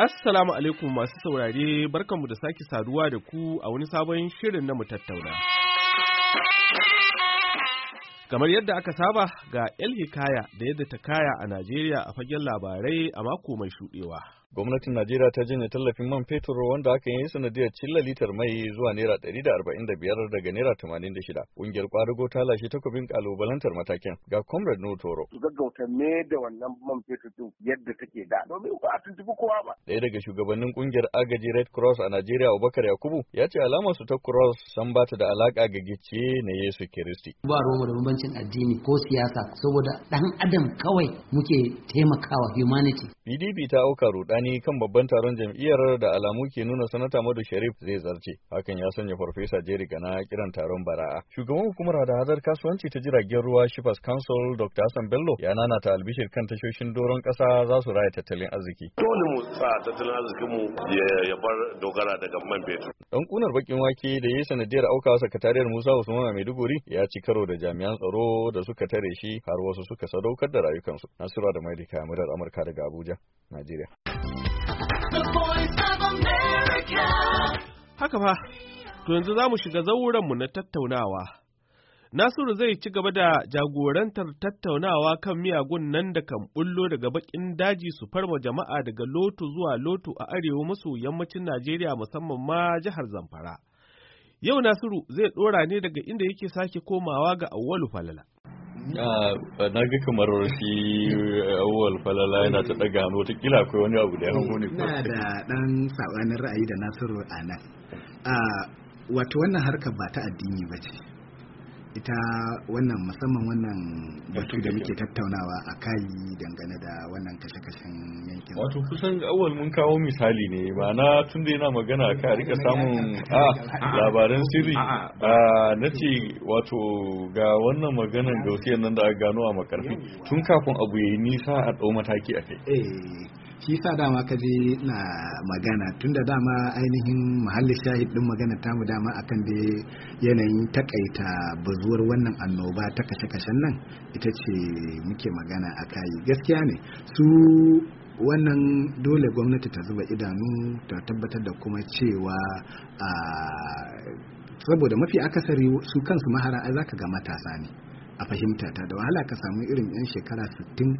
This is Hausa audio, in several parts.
Assalamu alaikum masu saurare barkanmu da sake saduwa da ku a wani sabon shirin na mu tattauna. Kamar yadda aka saba ga El Hikaya da yadda ta kaya a Najeriya a fagen labarai a mako mai shuɗewa. gwamnatin Najeriya ta janye tallafin man fetur wanda aka yi sanadiyar cilla litar mai zuwa naira ɗari da arba'in da biyar daga naira tamanin da shida. Ƙungiyar ta lashe takobin ƙalubalantar matakin ga Comrade No Toro. Gaggauta me da wannan man fetur din yadda take da domin ba a tuntubi kowa ba. Ɗaya daga shugabannin ƙungiyar agaji Red Cross a Najeriya Abubakar Yakubu ya ce alamar su ta Cross san ba ta da alaƙa ga gicce na Yesu Kiristi. Ba ruwanmu da bambancin addini ko siyasa saboda dan adam kawai muke taimakawa humanity. PDP ta auka ruɗa bayani kan babban taron jam'iyyar da alamu ke nuna sanata Madu Sharif zai zarce. Hakan ya sanya Farfesa Jerry Gana kiran taron bara'a. Shugaban hukumar hada-hadar kasuwanci ta jiragen ruwa Shifas Council Dr. Hassan Bello ya nana ta albishir kan tashoshin doron ƙasa za su raya tattalin arziki. Dole mu sa tattalin arzikinmu ya bar dogara daga man fetur. Dan kunar bakin wake da ya yi sanadiyar aukawa sakatariyar Musa Usman a Maiduguri ya ci karo da jami'an tsaro da suka tare shi har wasu suka sadaukar da rayukansu. sura da Maidika Murar Amurka daga Abuja, Najeriya. haka fa, to yanzu za mu shiga zauranmu na tattaunawa. Nasiru zai ci gaba da jagorantar tattaunawa kan miyagun nan da kan bullo daga bakin daji su farma jama'a daga lotu zuwa lotu a arewa maso yammacin Najeriya musamman ma jihar Zamfara. Yau Nasiru zai ɗora ne daga inda yake sake komawa ga awwalu falala. na ga kamar shi eh, auwalu falala yana ta daga hannu ta kila akwai wani abu da ya hango ne ko na da dan sabanin ra'ayi da nasiru a nan wato wannan harkar ba ta addini ba ce ita wannan musamman wannan batu da muke tattaunawa a kai dangane da wannan kashe-kashen yankin wato kusan awal mun kawo misali ne ba na tun da yana magana ka rika samun labaran sirri a na ce wato ga wannan maganan wasu nan da aka gano a makarfi tun kafin abu ya yi nisa a ɗau mataki a kai eh. shi sa dama ka je na magana tun da dama ainihin muhalli shahid din magana ta mu dama akan da yanayin takaita bazuwar wannan annoba ta kashe-kashen nan ita ce muke magana a kayi gaskiya ne su wannan dole gwamnati ta zuba idanu ta tabbatar da kuma cewa a saboda mafi akasari su kansu mahara ai zaka ga matasa ne a fahimta ta da wahala ka samu irin yan shekara sittin.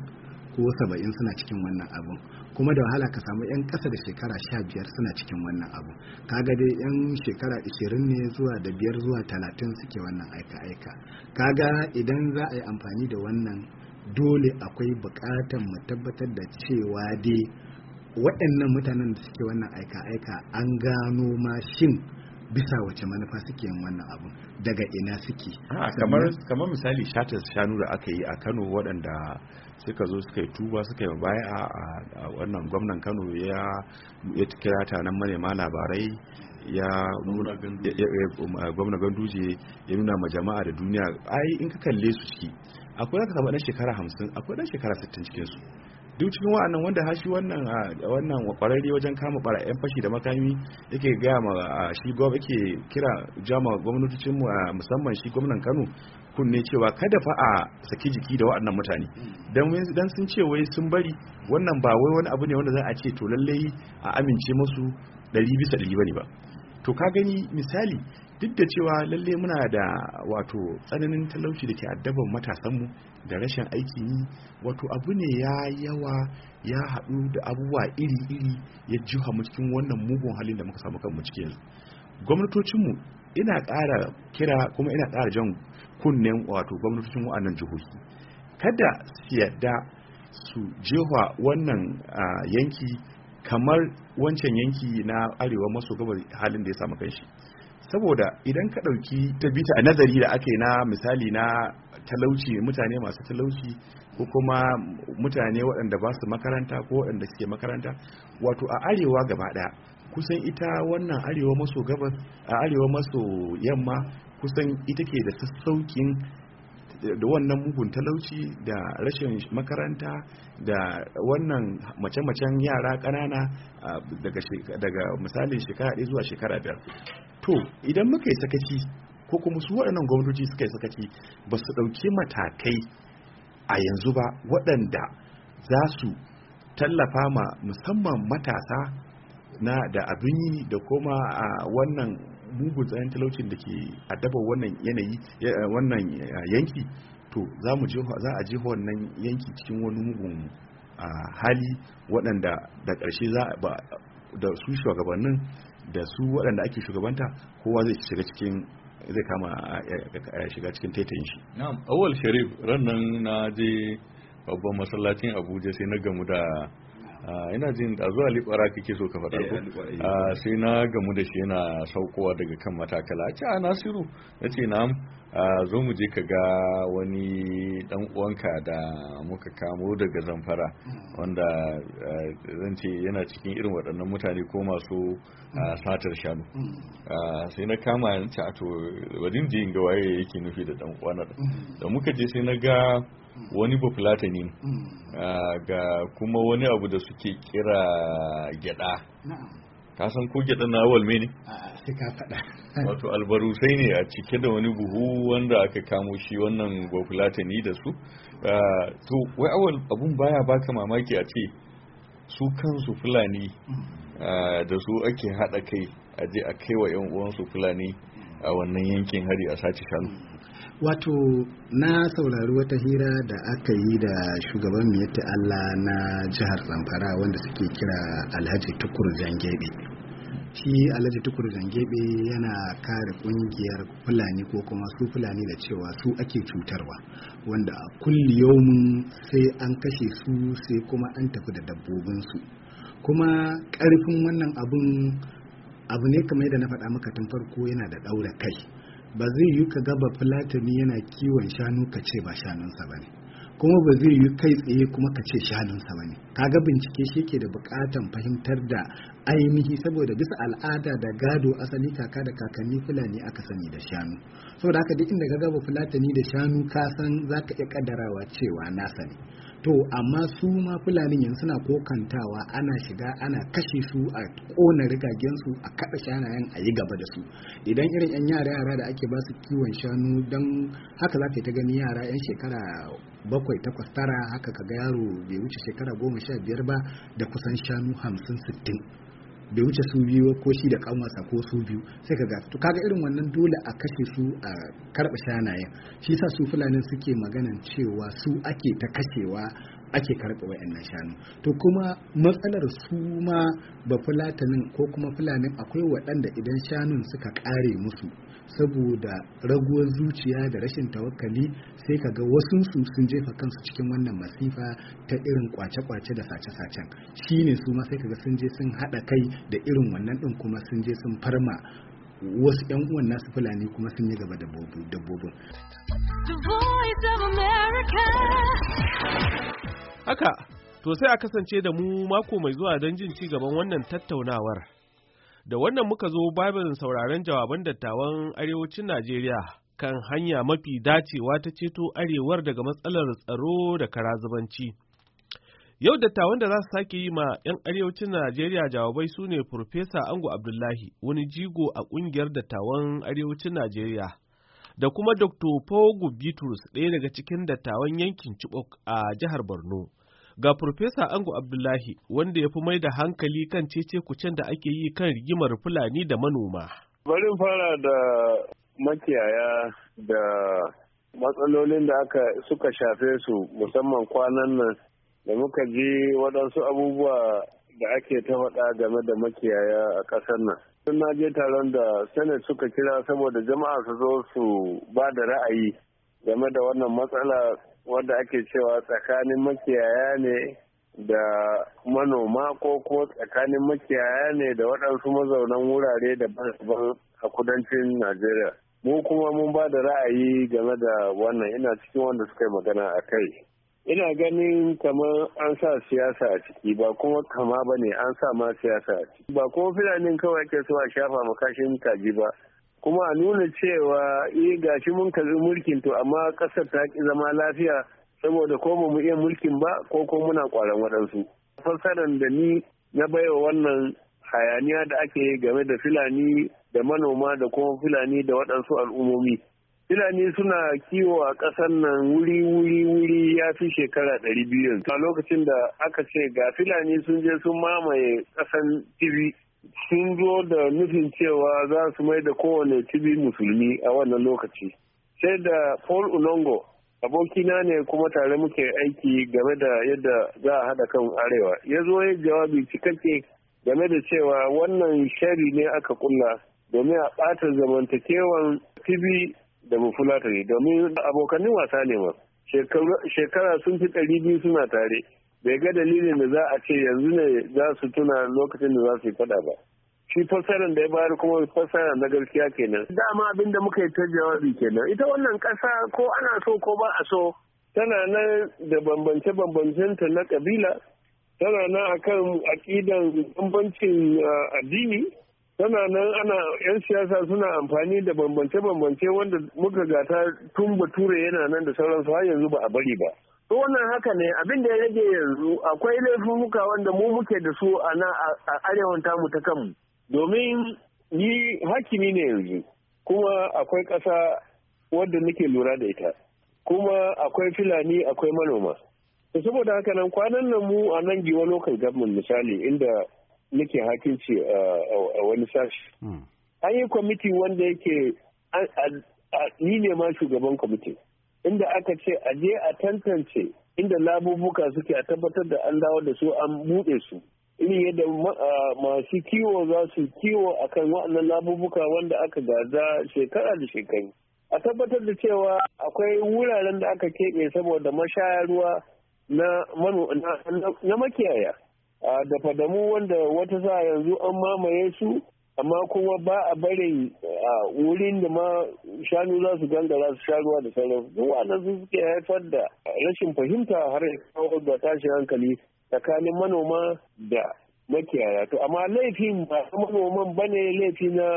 ko saba'in suna cikin wannan abun kuma da wahala ka samu yan kasa da shekara sha biyar suna cikin wannan abu kaga dai yan shekara ishirin ne zuwa da biyar zuwa talatin suke wannan aika-aika kaga idan za a yi amfani da wannan dole akwai bukatar mu tabbatar da cewa dai waɗannan mutanen da suke wannan aika-aika an gano mashin. bisa wace manufa suke yin wannan abu daga ina suke kamar kamar misali shatas shanu da aka yi a Kano waɗanda suka zo suka yi tuba suka yi baya a wannan gwamnan Kano ya ya kira nan manema labarai ya um, gwamna ganduje ya nuna ma jama'a da duniya ai in ka kalle su ciki akwai aka samu dan shekara hamsin akwai dan shekara sittin cikin su duk cikin wa'annan wanda hashi wannan ah, wannan kwararre wajen kama bara fashi da makami yake gaya ma ah, shi gwamnati yake kira jama gwamnatocin mu ah, musamman shi gwamnan Kano kunne cewa kada fa a saki jiki da wa'annan mutane mm. dan sun ce wai sun bari wannan ba wai wani abu ne wanda za a ce to lallai a amince musu dari bisa ɗari bane ba to ka gani misali duk da cewa lalle muna da wato tsananin talauci da ke addaban matasanmu da rashin aikin yi wato abu ne ya yawa ya haɗu da abubuwa iri-iri ya juha mu cikin wannan mugun halin da muka samu kanmu ciki yanzu gwamnatocinmu ina ƙara kira kuma ina ƙara jan kunnen wato gwamnatocin wa'annan jihohi kada su yadda su jefa wannan yanki kamar wancan yanki na arewa maso gabar halin da ya samu kanshi saboda idan ka ɗauki ta bita a nazari da ake na misali na talauci mutane masu talauci ko kuma mutane waɗanda ba su makaranta ko waɗanda suke makaranta wato a arewa gaba ɗaya kusan ita wannan arewa maso gabas a arewa maso yamma kusan ita ke da sassaukin da wannan mugun talauci da rashin makaranta da wannan mace-macen yara ƙanana daga misalin shekara ɗaya zuwa shekara biyar to idan muka yi sakaci ko kuma su waɗannan gwamnati suka yi sakaci ba su ɗauki matakai a yanzu ba waɗanda za su tallafa ma musamman matasa na da abin yi da koma a wannan mugun tsayin talaucin da ke adaba wannan yanayi wannan yanki to za mu za a jefa wannan yanki cikin wani mugun hali waɗanda da ƙarshe za ba da su shugabannin da su waɗanda ake shugabanta kowa zai shiga cikin zai kama eh, shiga cikin taitayin shi na'am awal sharif ran nan na je babban masallacin abuja sai na gamu da Ah, ina jin da zuwa likwara kake so ka faɗa eh, ku eh. ah, sai na gamu da shi yana saukowa daga kan matakala a ce a ah, nasiru na ce na zo mu je ka ga wani dan uwanka da muka kamo daga zamfara wanda zan ce yana cikin irin waɗannan mutane ko masu satar shanu mm. sai na kama yanci a to wajen je ga waye yake nufi da dan uwana mm. da muka je sai na ga wani bafulatani hmm. ah, ga kuma wani abu da suke kira gyada ka san ko gyada na walme ne sai ka faɗa wato albarusai ne a cike da wani buhu wanda aka kamo shi wannan ne da su ah, to wai awal abun baya baka mamaki a ce su kansu fulani hmm. ah, da su ake haɗa kai a je a kai wa 'yan uwansu fulani a wannan yankin hari a sace shanu hmm. wato na saurari wata hira da aka yi da shugaban miyatta Allah na jihar zamfara wanda suke kira alhaji tukur jangebe shi alhaji tukur jangebe yana kare kungiyar fulani ko kuma su fulani da cewa su ake cutarwa wanda a kulli sai an kashe su sai kuma an tafi da dabbobinsu kuma karfin wannan abun abu ne kamar yadda na faɗa maka tun farko yana da ɗaura kai ba zai yi ka gaba filatani yana kiwon shanu ka ce ba shanunsa ba ne kuma ba zai yi kai tsaye kuma ka ce shanunsa ba ne kaga bincike shi ke da bukatan fahimtar da ainihi saboda bisa al'ada da gado asali kaka da kakanni fulani aka sani da shanu saboda haka duk inda ka gaba fulatani da shanu ka san za ka iya ƙaddarawa cewa nasa ne to amma su ma fulani yanzu suna kokantawa ana shiga ana kashe su a kona rigagen su a kada shanayen a yi gaba da su idan irin yan yara yara da ake ba su kiwon shanu don haka za ka ta gani yara yan shekara bakwai takwas tara haka ka ga yaro bai wuce shekara goma sha biyar ba da kusan shanu hamsin sittin bai wuce su biyu ko shi da kanwarsa ko su biyu sai ka gasu to kaga irin wannan dole a kashe su a karɓa shanayen shi sa su fulanin suke maganan cewa su ake ta kashewa ake karɓa wayannan shanu to kuma matsalar su ma ba fulatanin ko kuma fulanin akwai waɗanda idan shanun suka ƙare musu saboda raguwar zuciya da rashin tawakali, sai ka ga wasu sun jefa kansu cikin wannan masifa ta irin kwace-kwace da sace-sacen ne su ma sai ka ga sun je sun haɗa kai da irin wannan ɗin kuma sun je sun farma wasu 'yan uwan nasu fulani kuma sun yi gaba dabbobin. Haka, to sai a kasance da mu mako mai zuwa don jin ci gaban wannan tattaunawar. Da wannan muka zo babin sauraron jawaban dattawan arewacin Najeriya kan hanya mafi dacewa ta ceto arewar daga matsalar tsaro da karazubanci. Yau dattawan da za su sake yi ma 'yan arewacin Najeriya jawabai su ne Profesa Ango Abdullahi, wani jigo a ƙungiyar dattawan arewacin Najeriya, da kuma Dr. Paul Bitrus ɗaya daga cikin dattawan yankin Chibok a jihar Borno. Ga Profesa Ango Abdullahi wanda ya fi mai da hankali kan cece kucen da ake yi kan rigimar Fulani da manoma. Barin fara da makiyaya da matsalolin da aka suka shafe su musamman kwanan nan da muka ji waɗansu abubuwa da ake ta faɗa game da makiyaya a ƙasar nan. Sun na je taron da Senate suka kira saboda jama'a su zo su ba da ra'ayi game da wannan matsala wanda ake cewa tsakanin makiyaya ne da manoma ko kuma tsakanin makiyaya ne da waɗansu mazaunan wurare daban-daban a kudancin najeriya mu kuma mun ba da ra'ayi game da wannan ina cikin wanda suka yi magana a kai ina ganin kamar an sa siyasa a ciki ba kuma kama ba ne an sa ma siyasa a ciki ba kuma filanin kawai ke so a shafa makashin kaji ba kuma a nuna cewa eh gashi mun karbi mulkin to amma ƙasar ta ki zama lafiya saboda ko ba mu iya mulkin ba ko ko muna kwaran waɗansu fassarar da ni na baiwa wannan hayaniya da ake game da filani da manoma da kuma filani da waɗansu al'ummomi Filani suna kiwo a ƙasar nan wuri wuri wuri ya fi shekara ɗari biyu a lokacin da aka ce ga Fulani sun je sun mamaye ƙasan TV. sun zo da nufin cewa za su mai da kowane cibi musulmi a wannan lokaci sai da paul unongo abokina ne kuma tare muke aiki game da yadda za a haɗa kan arewa ya zo ya jawabi cikakke game da cewa wannan shari ne aka kulla domin a ɓatar zamantakewan tibi da mafulatari domin abokanin wasa ne ma shekara sun fi ɗari biyu suna tare bai ga dalilin da za a ce yanzu ne za su tuna lokacin da za su yi fada ba shi fassarar da ya bayar kuma fasara na gaskiya kenan dama abin da muka yi ta jawabi kenan ita wannan ƙasa ko ana so ko ba a so tana nan da bambance-bambancenta na kabila tana nan akan aƙidan bambancin addini tana nan ana 'yan siyasa suna amfani da bambance-bambance wanda muka gata tun bature yana nan da sauransu har yanzu ba a bari ba wannan haka ne abin da ya rage yanzu akwai laifin laifuka wanda mu muke da su a nan a arewan tamu ta kanmu domin yi hakimi ne yanzu kuma akwai ƙasa wadda nake lura da ita kuma akwai fulani akwai manoma saboda haka nan kwanan nan mu a nan giwa local government misali inda nake hakinci a wani sashi hmm. an yi kwamiti wanda yake ni ne ma shugaban kwamitin inda aka ce a je a tantance inda labubuka suke a tabbatar da an dawo da su an buɗe su irin yadda masu kiwo za su kiwo akan wa'annan labubuka wanda aka gaza shekara da shekaru a tabbatar da cewa akwai wuraren da aka keɓe saboda mashaya ruwa na makiyaya da fadamu wanda wata sa yanzu an mamaye su amma kuma ba a barin wurin da ma shanu za su gangara su sha ruwa da sauran zuwa na su suke haifar da rashin fahimta har kawo da tashin hankali tsakanin manoma da makiyaya to amma laifin ba manoman ne laifi na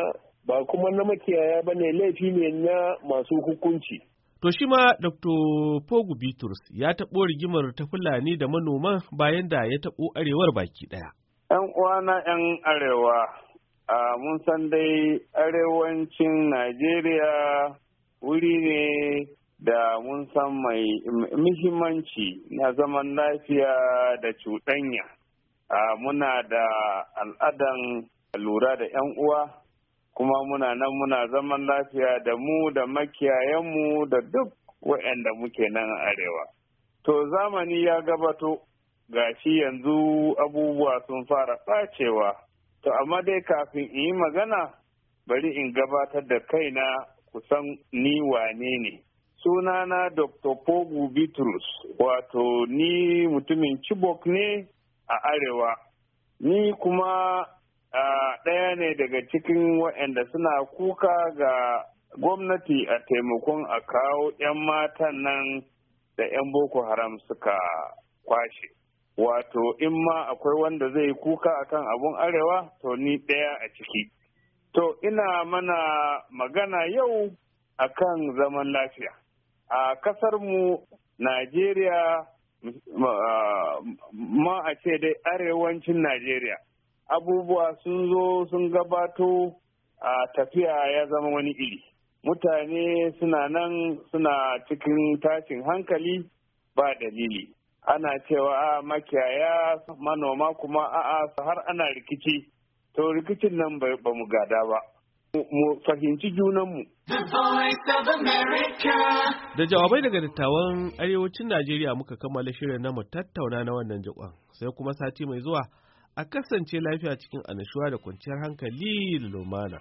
ba kuma na makiyaya ne laifi ne na masu hukunci To shi ma Dr. Pogu Bitrus ya taɓo rigimar ta Fulani da manoman, bayan da ya taɓo arewar baki ɗaya. ‘Yan uwa na ‘yan arewa mun san dai arewacin najeriya wuri ne da mun san mai muhimmanci na zaman lafiya da cuɗanya muna da al'adan lura da 'yan uwa kuma muna nan muna zaman lafiya da mu da makiyayenmu da duk wa'anda muke nan arewa to zamani ya gabato gashi yanzu abubuwa sun fara ɓacewa To amma dai kafin in yi magana bari in gabatar da kaina kusan ni wane ne. Sunana Dr. Pogu Bitrus wato ni mutumin Chibok ne a Arewa. Ni kuma ɗaya ne daga cikin waɗanda suna kuka ga gwamnati a taimakon a kawo 'yan matan nan da 'yan Boko Haram suka kwashe. wato in ma akwai wanda zai yi kuka akan abun arewa to ni ɗaya a ciki to ina mana magana yau akan zaman lafiya a kasar mu najeriya ma a ce dai arewacin najeriya abubuwa sun zo sun gabato a tafiya ya zama wani iri mutane suna nan suna cikin tashin hankali ba dalili ana cewa makiyaya manoma kuma a'a har ana rikici to rikicin nan ba mu gada ba mu fahimci junanmu da jawabai daga dattawan arewacin najeriya muka kammala shirin na mu tattauna na wannan jikon sai kuma sati mai zuwa a kasance lafiya cikin annashuwa da kwanciyar hankali da lumana.